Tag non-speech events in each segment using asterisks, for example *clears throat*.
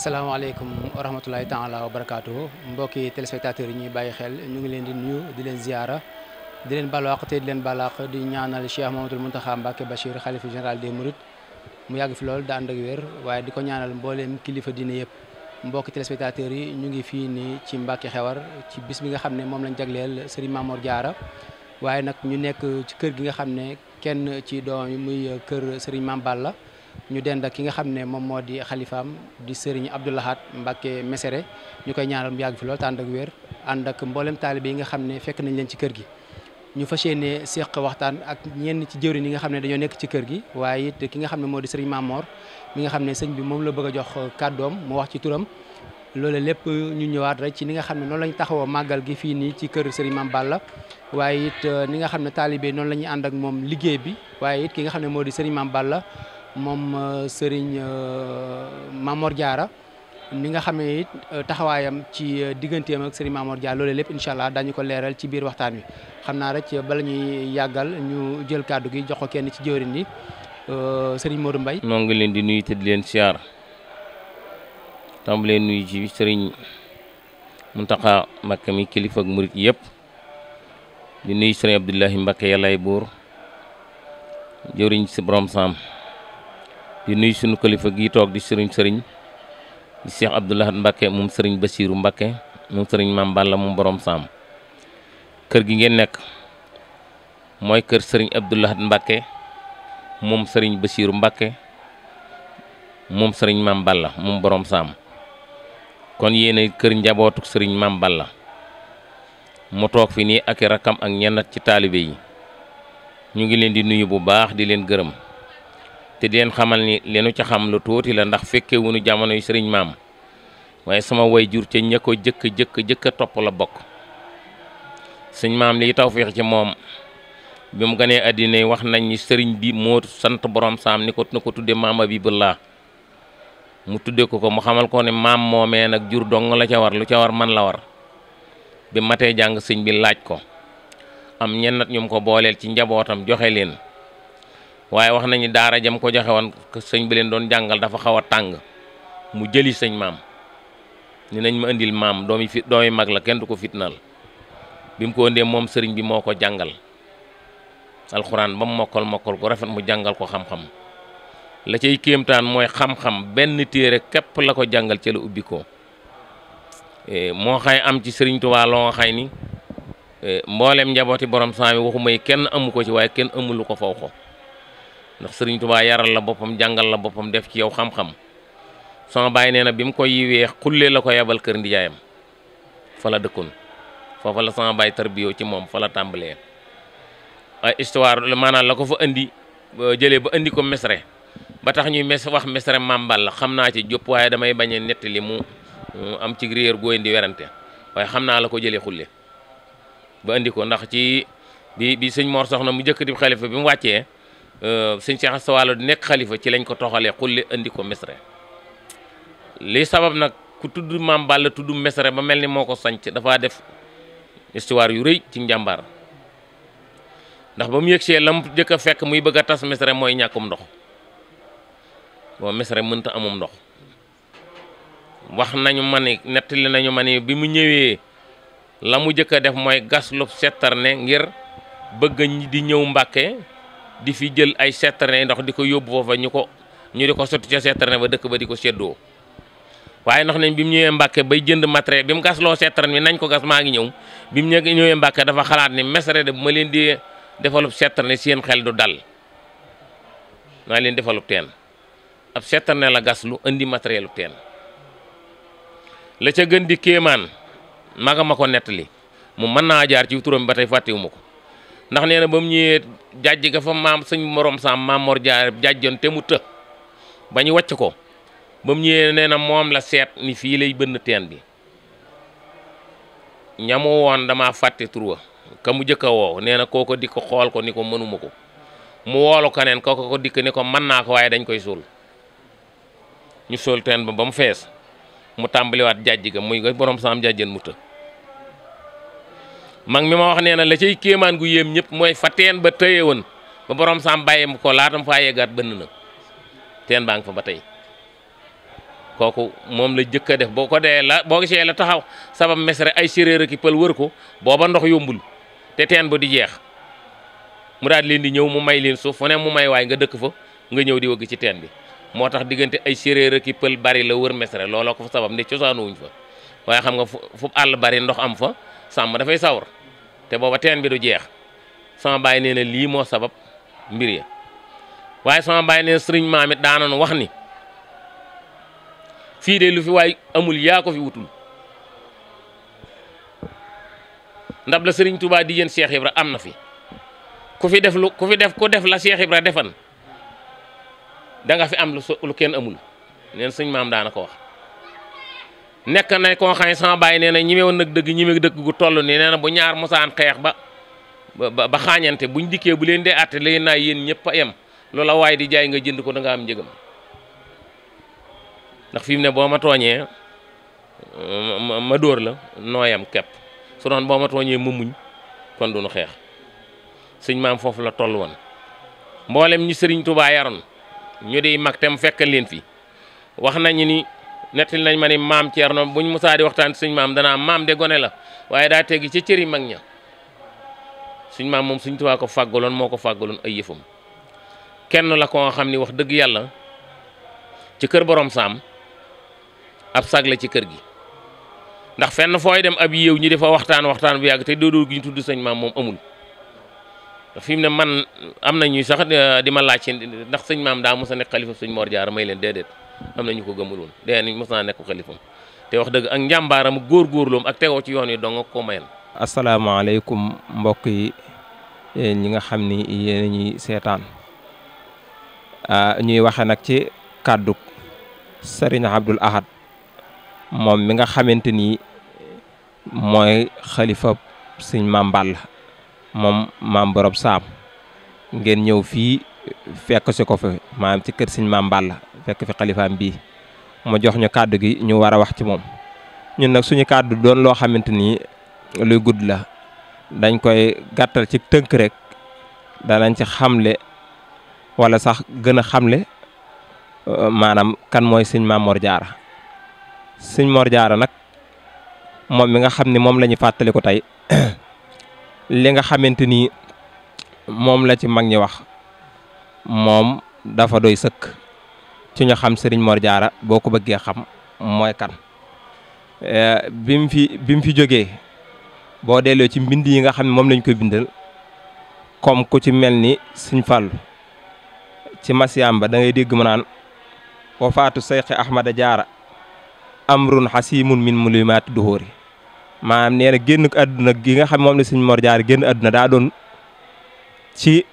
salaamaaleykum wa rahmatulahi taala wa barakaatu mbokki téléspectateurs yi ñuy bàyyi xel ñu ngi leen di nuyu di leen ziara di leen balaax te di leen balaax di ñaanal Cheikh Mamadou xaa Mbacké Bachir xalifa général des murit mu yàgg fi lool daan ak wér waaye di ko ñaanal mbooleem kilifa diine yëpp mbokki téléspectateurs yi ñu ngi fii ni ci Mbacké Xewar ci bis bi nga xam ne moom lañ jagleel Serigne Mamour jaara waaye nag ñu nekk ci kër gi nga xam ne kenn ci doom yi muy kër Serigne Mame Balla ñu dend ak ki nga xam ne moom moo di xalifaam di sëriñ Abdou Lahad Mbacke Mesere ñu koy ñaanal mu yàgg fi lool te ànd ak wér ànd ak mboolem taalibe yi nga xam ne fekk nañ leen ci kër gi. ñu fas yéene seq waxtaan ak ñenn ci jëwriñ yi nga xam ne dañoo nekk ci kër gi waaye it ki nga xam ne moo di sëriñ Mamor mi nga xam ne sëñ bi moom la bëgg a jox kàddoom mu wax ci turam. loolu lépp ñu ñëwaat rek ci ni nga xam ne noonu lañ taxawoo màggal gi fii nii ci kër Serigne Mame waaye it euh, ni nga xam ne taalibe noonu la ñuy ànd ak moom liggéey bi waaye it ki nga xam ne moo di Serigne Mame la moom euh, Serigne euh, Mamor Diarra mi nga xamee euh, taxawaayam ci digganteem ak Serigne Mamor Diarra loolee lépp incha allah dañu ko leeral ci biir waxtaan wi xam naa rek bala ñuy yàggal ñu jël kàddu gi jox ko kenn ci jëwriñ yi Serigne Modou mbay noo ngi leen di nuyu te di leen siyaar tàmbalee nuyu sëriñ Serigne Mountakha Mbacké mi kilifa ak murit yëpp di nuyu Serigne Abdoulahi Mbacké yàllaay buur jëwriñ si borom sam di nuyu sunu kilifa gi toog di sëriñ sëriñ di Cheikh Abdoulahat Mbacke moom sëriñ Bassirou Mbacke moom sëriñ Maam Balla moom borom saam kër gi ngeen nekk mooy kër sëriñ Abdoulahat Mbacke moom sëriñ basiiru Mbacke moom sëriñ Maam Balla moom borom saam kon yéene kër njabootu sëriñ Maam Balla mu toog fi nii ak i rakkam ak ñenn ci taalibe yi ñu ngi leen di nuyu bu baax di leen gërëm. te di leen xamal ni leenu ca xam lu tuuti la ndax fekke wuñu jamono yu sëriñ maam waaye sama way jur ca ña ko jëkk jëkk jëkk a topp la bokk sëñ maam lii taw tawféex ci moom bi mu ganee àddina wax nañ ni sëriñ bi moo sant borom saam ni ko na ko tudde maam Abibullah mu tudde ko ko mu xamal ko ne maam moomee nag jur dong la ca war lu ca war man la war bi matee jàng sëñ bi laaj ko am ñennat ñum ko booleel ci njabootam joxe leen waaye wax nañu daara jam ko joxe woon sëñ bi leen doon jàngal dafa xaw a tàng mu jëli sëñ maam ni nañ ma indil maam doomi fi doomi mag la kenn du ko fitnaal bi mu ko indee moom sëriñ bi moo ko jàngal alxuraan ba mu mokkal mokkal ko rafet mu jàngal ko xam-xam la cay kéemtaan mooy xam-xam benn téere képp la ko jàngal ci la ubbi ko e, moo xay am ci sëriñ Tuubaa loo xay ni e, mboolem njabooti borom saa mi waxu may kenn amu ko ci waaye kenn amulu ko faw ko ndax sëriñ tubaa yaral la boppam jàngal la boppam def ci yow xam-xam sama bàyyi na bi mu ko yiwee xullee la ko yabal kër jaayam fa la dëkkoon foofa la sama bàyyi ci moom fa la tàmbalee ay histoire maanaam la ko fa indi jëlee ba indi ko mesre ba tax ñuy mes wax mesre mambal la xam naa ci jóp waaye damay bañ a nett li mu am ci réer góoyin werante waaye xam naa la ko jëlee xulle ba indi ko ndax ci bi bi sëñ Mor soxna mu jëkk di bi mu wàccee Euh, sëñ Cheikh Asta Walo di nekk xalifa ci lañ ko toxalee xulli indi ko Mesre li sabab nag ku tudd maam Balla tudd Mesre ba mel ni moo ko sanc dafa def histoire yu rëy ci njàmbaar ndax ba mu yëgsee lam jëkk a fekk muy bëgg a tas Mesre mooy ñàkkum ndox boo Mesre mënta amum ndox wax nañu ma ni nettali nañu ma ni bi mu ñëwee la mu jëkk a def mooy gas lu settar ne ngir bëgg di ñëw Mbàkke di fi jël ay citerne ndox di ko yóbbu foofa ñu ko ñu di ko sotti ca citerne ba dëkk ba di ko séddoo waaye ndax nañ bi mu ñëwee Mbàkke bay jënd matériel bi mu gasloo citerne bi nañ ko gas maa ngi ñëw bi mu ñëwee Mbàkke dafa xalaat ni mesre de ma leen di defalub citerne seen xel du dal naa leen defalub teen ab citerne la gas lu indi matériel u teen la ca gën di kéemaan maga ma ko nettali mu mën naa jaar ci turam ba tey fàttewu ma ko ndax nee na ba mu ñëwee jàjj fa maam sëñ morom saam maam Mor Jaara jàjjoon te mu të ba ñu wacc ko ba mu ñëwee nee na moom la seet ni fii lay bënn teen bi ñamu woon damaa fàtte tur ka mu jëkk a woow nee na kooko dikk xool ko ni ko mënuma ko mu woolu kaneen kooko ko dikk ni ko mën naa ko waaye dañ koy suul ñu suul teen ba ba mu fees mu tàmbaliwaat jàjj ga muy borom saam jàjjeen mu të mag mi ma wax nee na la cay kéemaan gu yéem ñëpp mooy fa teen ba tëye woon ba borom saam bàyyi mu ko laatam faa yeggaat bënn na teen baa ngi fa ba tey kooku moom la jëkk a def boo ko dee la boo gisee la taxaw sabab mesre ay séréer ak i pël wër ko booba ndox yombul te teen ba di jeex mu daal leen di ñëw mu may leen suuf fu ne mu may waay nga dëkk fa nga ñëw di wëgg ci teen bi moo tax diggante ay séréer ak i pël bari la wër mesre looloo ko fa sabab ne cosaanu fa waaye xam nga fu àll bari ndox am fa sàmm dafay sawar te booba teen bi du jeex sama baay nee na lii moo sabab mbir waaye sama baay nee na sëriñ maam daanoon wax ni fii de lu fi waay amul yaa ko fi wutul ndab la sëriñ Touba di yéen Cheikh am na fi ku fi def lu ku fi def ku def la Cheikh Ibra defan da nga fi am lu kenn amul neen sëñ maam daana ko wax nekk na koo xam ne sama baay nee na ñime woon nag dëgg ñime dëgg gu toll nii nee na bu ñaar mosaan xeex ba ba ba xaañante buñ dikkee bu leen dee àtte leen naa yéen ñëpp a yem loola waaye di jaay nga jënd ko danga nga am njëgam ndax fi mu ne boo ma tooñee ma dóor la nooyam kepp su doon boo ma tooñee ma muñ kon duñu xeex sëñ maam foofu la toll woon mboolem ñi sëriñ Tuubaa yaroon ñu di mag te mu fekkal leen fi wax nañu ni. nettali nañ ma ni maam bu ñu musaa di waxtaan suñ maam dana maam de gone la waaye daa teggi ci cëri mag ña suñ maam moom suñ tubaa ko fàggaloon moo ko fàggaloon ay yëfam kenn la koo xam ni wax dëgg yàlla ci kër borom saam ab sag la ci kër gi ndax fenn fooy dem ab yéew ñi dafa waxtaan waxtaan bu yàgg te doodoo gi ñu tudd sëñ maam moom amul fii mu ne man am na ñuy sax di ma laaj ndax sëñ maam daa mos a nekk xalifa suñ Mor Diarra may leen déedéet am na ñu ko gëmul woon dee nañ mos naa nekk xalifam te wax dëgg ak njàmbaaram góorgóorloom ak tegoo ci yoon yi dong ko mayan. asalaamaaleykum mbokk yi ñi nga xam ni yéen ñuy seetaan ñuy waxe nag ci kàddu Serigne Abdoul Ahad moom mi nga xamante ni mooy xalifa sëñ Mame Balla moom maam Borom Saam ngeen ñëw fii fekk si ko fi maam ci kër sëñ maam Balla fekk fi xalifaam bii mu jox ñu kàddu gi ñu war a wax ci moom ñun nag suñu kàddu doon loo xamante ni luy gudd la dañ koy gàttal ci tënk rek danañ ci xamle walla sax gën a xamle euh, maanaam kan mooy sëñ maam Mor Diarra sëñ Mor Diarra nag moom mi nga xam ni moom la ñu ko tey *coughs* li nga xamante ni moom la ci mag ñi wax moom dafa doy sëkk ci ñu xam Serigne Mor boo ko bëggee xam mooy kan eh, bi mu fi bi mu fi jógee boo delloo ci mbind yi nga xam ne moom lañ koy bindal kom ku ci mel ni Sëñ Fallu ci Masiyamba da ngay dégg mu naan wafaatu Seyxi Ahmada Diarra amrun xasimun min mulimaati duhóori maanaam nee na génn àdduna gi nga xam moom la Sëñ Mor Diarra génn àdduna daa doon ci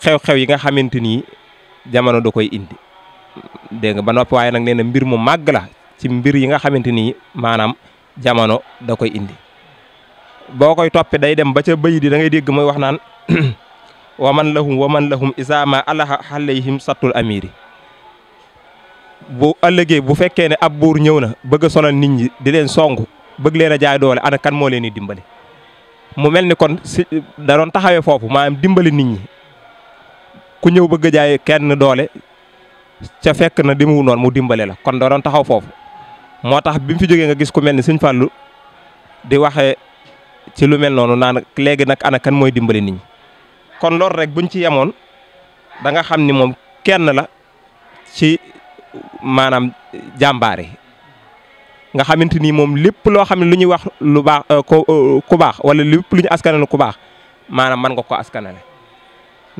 xew-xew yi nga xamante ni jamono da koy indi dégg nga ba noppi waaye nag nee na mbir mu màgg la ci mbir yi nga xamante ni maanaam jamono da koy indi boo koy toppee day dem ba ca bëy di da ngay dégg mooy wax naan la *clears throat* lahum waman lahum isaama alaha alayhim sattul amiiri bu ëllëgee bu fekkee ne ab buur ñëw na bëgg a sonal nit ñi di leen song bëgg leen a jaay doole ana kan moo leen di dimbali mu mel ni kon si da doon taxawee foofu maanaam dimbali nit ñi ku ñëw bëgg a jaay kenn doole ca fekk na dimuwu noon mu dimbale la kon doo doon taxaw foofu moo tax bi mu fi jógee nga gis ku mel ni Sëñ Fallou di waxee ci lu mel noonu naan léegi nag ana mooy dimbale nit kon loolu rek buñ ci yemoon da nga xam ni moom kenn la ci maanaam jàmbaar yi nga xamante ni moom lépp loo xam ne lu ñuy wax lu baax euh, euh, ku baax wala lépp lu ñu askanale ku baax maanaam mën nga ko askanale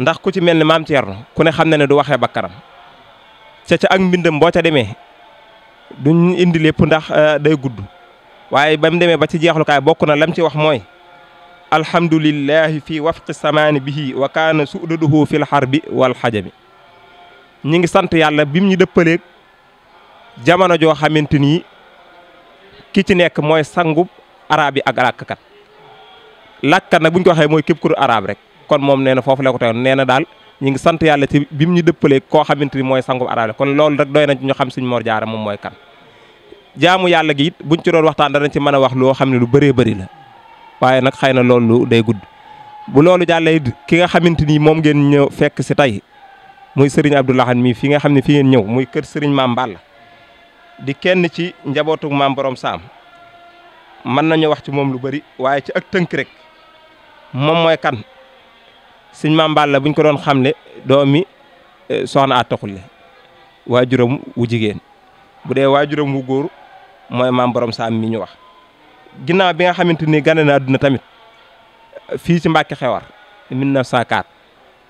ndax ku ci mel ni maam Thierno ku ne xam na ne du waxee bakkanam ca ca ak mbindam boo ca demee duñ indi lépp ndax euh, day gudd waaye ba mu demee ba ci jeexlukaay bokk na lam ci wax mooy alhamdulillahi fi wafqi samaani bihi wa kaana sudaduhu fil bi wal xajami ñi ngi sant yàlla bim ñu dëppaleeg jamono joo xamante ni ki ci nekk mooy sangub araab yi ak làkkat làkkat nag buñ ko waxee mooy képp ku araab rek kon moom nee na foofu la ko teewoon nee na daal ñu ngi sant yàlla ci bi mu ñu dëppalee koo xamante ni mooy sangu arabe kon loolu rek doy nañ ci ñu xam suñ Mor Jaara moom mooy kan jaamu yàlla giit it buñ ci doon waxtaan danañ ci mën a wax loo xam ne lu bëree bëri la waaye nag xëy na loolu day gudd bu loolu jàllee ki nga xamante ni moom ngeen ñëw fekk si tey muy sëriñ Abdou Lahad mii fi nga xam ne fi ngeen ñëw muy kër sëriñ Maam Balla di kenn ci njabootu maam borom saam mën nañu wax ci moom lu bëri waaye ci ak tënk rek moom mooy kan sëñ Maam Balla buñ ko doon xam ne doomi eh, soxna Atta Khoule waajuram wu jigéen bu dee waajuram wu góor mooy maam borom saam mi ñu wax. ginnaaw bi nga xamante ni gane na àdduna tamit fii ci Mbàkke Xewar 1904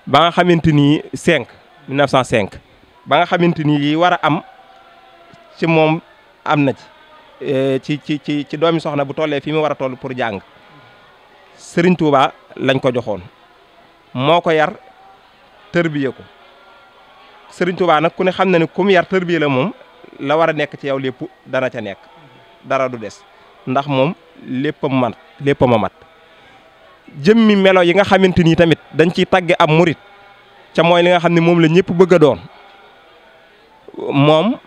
ba nga xamante ni 5 1905 ba nga xamante ni yi war a am ci moom am na ci. Eh, ci ci ci ci doomi soxna bu tollee fii mu war a toll pour jàng Serigne Touba lañ ko joxoon. moo ko yar tërbiye ko sëriñ Tuubaa nag ku ne xam na ne ku mu yar tërbiye la moom la war a nekk ci yow lépp dana ca nekk dara du des ndax moom lépp a mat lépp a mat jëmmi melo yi nga xamante ni tamit dañ ciy tagge am murit ca mooy li nga xam ne moom la ñëpp bëgg a doon moom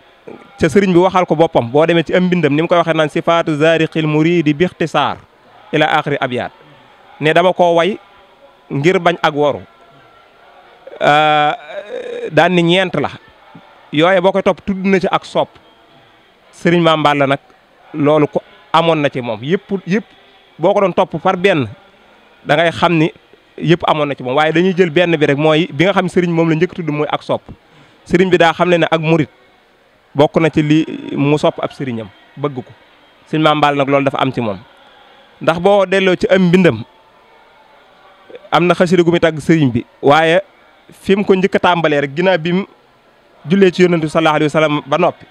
ca sëriñ bi waxal ko boppam boo demee ci am mbindam ni mu koy waxee naan sifaatu zaariqil muridi bi ixtisaar ila axiri abyaat ne dama koo way ngir bañ ak woru euh, daan ni ñeent la yooye boo koy topp tudd na ci ak sopp sëriñ Maam la nag loolu ko amoon na ci moom yëpp yëpp boo ko doon topp par benn da ngay xam ni yëpp amoon na ci moom waaye dañuy jël benn bi rek mooy bi nga xam sëriñ moom la njëkk tudd mooy ak sopp sëriñ bi daa xam ne ne ak murit bokk na ci li mu sopp ab sëriñam bëgg ko sëriñ Maam Balla nag loolu dafa am ci moom ndax boo delloo ci am mbindam am na xasida gu muy tàgg sëriñ bi waaye fi mu ko njëkk a tàmbalee rek ginnaaw bi mu jullee ci yonentu sallallahu alayhi wa sallam ba noppi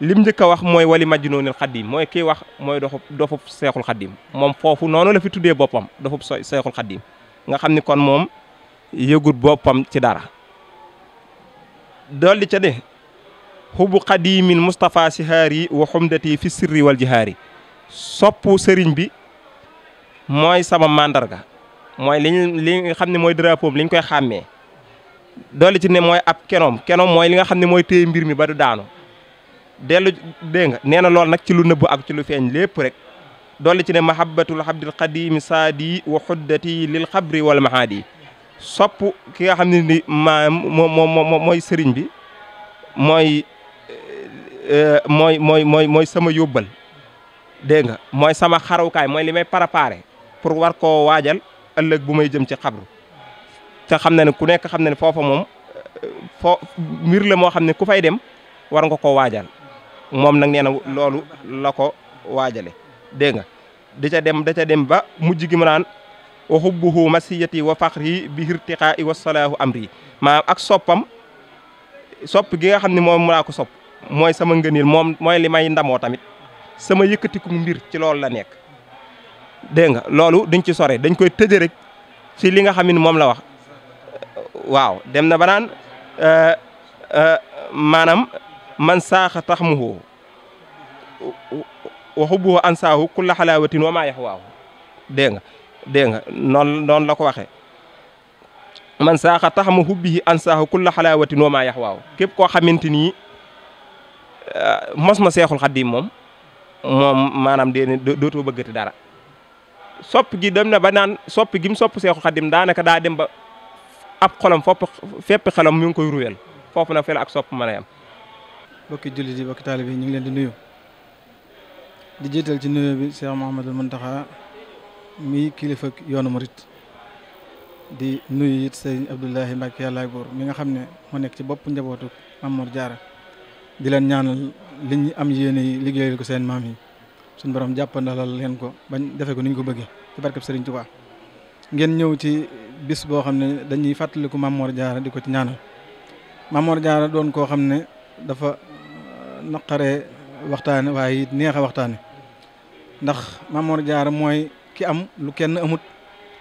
lim njëkk a wax mooy wali majnuunil xaddiim mooy kii wax mooy doxub dofub seexul xaddiim moom foofu noonu la fi tuddee boppam dofub seexul xaddiim nga xam ni kon moom yëgut boppam ci dara dolli ca ne xubu xadiimin Moustapha Sihaari wa xumdati fi sirri wal ji jihaari soppu sëriñ bi mooy sama màndarga mooy li ñu nga xam ne mooy drapeau bi koy xàmmee doole ci ne mooy ab kenoom kenoom mooy li nga xam ne mooy téye mbir mi ba du daanu dellu dégg nga nee na loolu nag ci lu nëbbu ak ci lu feeñ lépp rek doole ci ne mahabbatul habdil qadimi saadi wa xuddati lil xabri wal mahaadi sopp ki nga xam ne ni ma moo moo mooy sëriñ bi mooy eh, eh, mooy mooy mooy mooy sama yóbbal dégg nga mooy sama xarukaay mooy li may préparé pour war koo waajal ëllëg bu may jëm ci xabru te xam na ne ku nekk xam na ne foofa moom foo mbir la moo xam ne ku fay dem war nga ko waajal moom nag nee loolu la ko waajale dégg nga da ca dem da ca dem ba mujj gi mu naan wa xubbuhu masiyati wa faxri bi irtiqaa'i wa salaahu amri maanaam ak soppam sopp gi nga xam ni moom laa ko sopp mooy sama ngëneel moom mooy li may ndamoo tamit sama yëkkatikum mbir ci loolu la nekk dégg nga loolu duñ ci sore dañ koy tëjee rek si li nga xam ne moom la wax waaw dem na banaan naan euh, euh, maanaam man saaxa tax mu xoo waxu bu ansaahu kulla xalaawatin wa maa yaxwaahu dégg nga dégg nga noonu noonu la ko waxe man saaxa tax ma an ansaahu kulla xalaawatin wa maa waaw képp koo xamante ni euh, mos ma seexul xaddim moom moom maanaam dee dootoo bëggati dara sopp gi dem na ba naan sopp gi mu sopp Seexu Xadim daanaka daa dem ba ab xolam fopp fépp xelam mu ngi koy ruyal foofu nag fela ak sopp mën a yam bokki jullit yi bokki taalib yi ñu ngi leen di nuyu di jiital ci nuyu bi Cheikh Mouhamadou Mountakha mi kilifa yoonu murit di nuyu it sëriñ Abdoulahi Mbacke yàllaay góor mi nga xam ne mu nekk ci bopp njabootu Mamour Diarra di leen ñaanal liñ am yéene yi ko seen maam yi suñu borom jàppandalal leen ko bañ defee ko ni ko bëggee ci barkeb Serigne Touba ngeen ñëw ci bis boo xam ne dañuy fàttaliku Mamor Diarra di ko ci ñaanal Mamor Diarra doon koo xam ne dafa uh, naqaree waxtaane waaye it neex a waxtaane ndax Mamor jaara mooy ki am lu kenn amut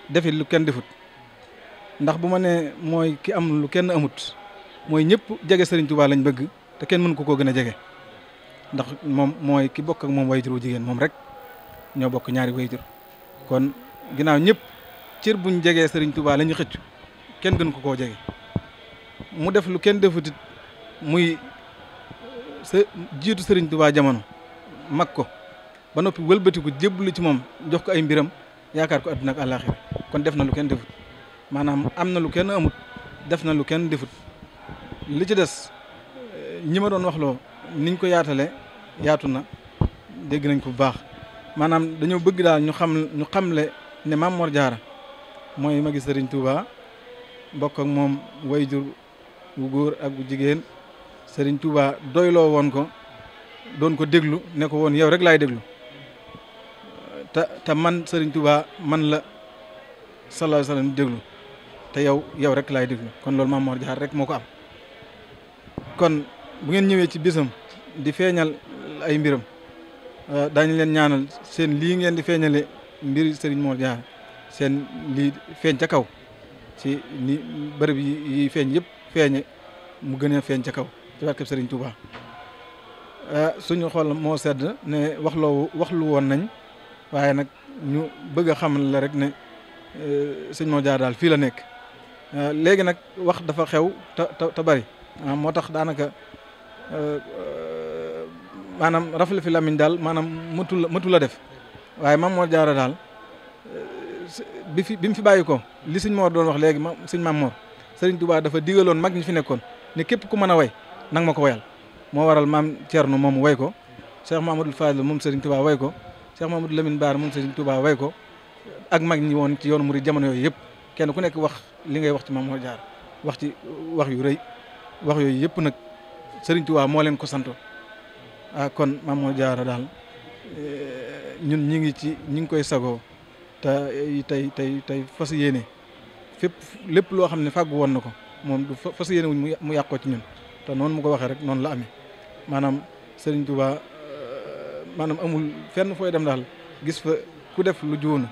defit lu kenn defut ndax bu ma nee mooy ki am lu kenn amut mooy ñëpp jege Serigne Touba lañ bëgg te kenn mënu ko koo gën a jege. ndax moom mooy ki bokk ak moom wayjur wu jigéen moom rek ñoo bokk ñaari wayjur kon ginnaaw ñëpp cër buñ jegee Sëriñ Tuubaa la ñu xëcc kenn gën ko koo jege mu def lu kenn defutit muy sa jiitu Sëriñ Tuubaa jamono mag ko ba noppi wëlbatiku jébbalu ci moom jox ko ay mbiram yaakaar ko àdduna ak àllaaxira kon def na lu kenn defut maanaam am na lu kenn amut def na lu kenn defut li ci des ñi ma doon waxloo niñ ko yaatale yaatu na dégg nañ ko bu baax maanaam dañoo bëgg daal ñu xam ñu xamle ne Maam Mor Jaara mooy magi Sëriñ Tuuba mbokk ak moom wayjur wu góor ak wu jigéen Sëriñ Tuuba doyloo woon ko doon ko déglu ne ko woon yow rek laay déglu te te man Sëriñ Tuuba man la sallallahu déglu te yow yow rek laay déglu kon loolu Maam Mor Jaara rek moo ko am kon bu ngeen ñëwee ci bisam di feeñal ay mbiram euh, daañu leen ñaanal seen lii ngeen di feeñale mbir sëriñ moo Diarra seen lii feeñ ca kaw ci ni bërëb yi feeñ yépp feeñe mu gën a feeñ ca kaw ci barkeb Serigne euh, suñu xol moo sedd ne waxloo waxlu woon nañ waaye nag ñu bëgg a xamal la rek ne euh, Serigne Mor Diarra daal fii la nekk léegi nag wax dafa xew te te bari ah, moo tax daanaka maanaam rafetlu fi lamiñ daal maanaam mëtu la mëtu la def waaye maam moo Jaara daal euh, bi fi bi mu fi bàyyi ko li sëñ Mor doon wax léegi ma sëñ maam sëriñ Touba dafa digaloon mag ñi fi nekkoon ne képp ku mën a way nang ma ko wayal moo waral maam Thierno moom way ko Cheikh Mamadou Fadil moom sëriñ Touba way ko Cheikh Mamadou Lamine Baar moom sëriñ Touba way ko ak mag ñi woon ci yoonu murid jamono yooyu yëpp kenn ku nekk wax li ngay wax ci maam Mor Jaara wax ci wax yu rëy wax yooyu yëpp nag sëriñ Touba moo leen ko santoon a ah, kon Mamo Jaara daal eh, ñun ñi ngi ci ñi ngi koy sagoo te eh, tey tey tey fas yéene fépp lépp loo xam ne fàggu woon na ko moom du fas yéene wuñ mu yàqoo ci ñun te noonu mu ko waxee rek noonu la amee maanaam Serigne Touba eh, maanaam amul fenn fooy dem daal gis fa ku def lu juunu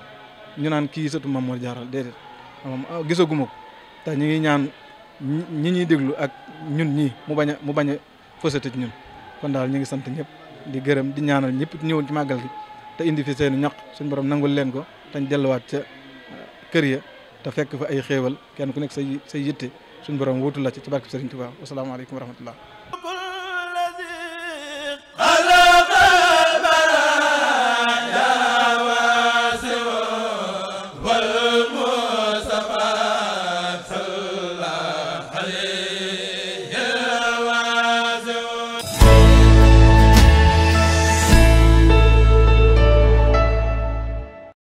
ñu naan kii sëtu Mamo Jaara déedéet moom ah, gisaguma ko te ñu ngi ñaan ñi ñuy déglu ak ñun ñii mu bañ a mu bañ a kon daal ñu ngi sant ñëpp di gërëm di ñaanal ñëpp ñëwoon ci màggal gi te indi fi seen i ñaq suñu borom nangul leen ko tañ delluwaat ca uh, kër ya te fekk fa ay xéewal kenn ku nekk say say yitte suñu borom wuutu la ci ci barke Sëriñ Tuubaa wasalaamaaleykum wa rahmatullah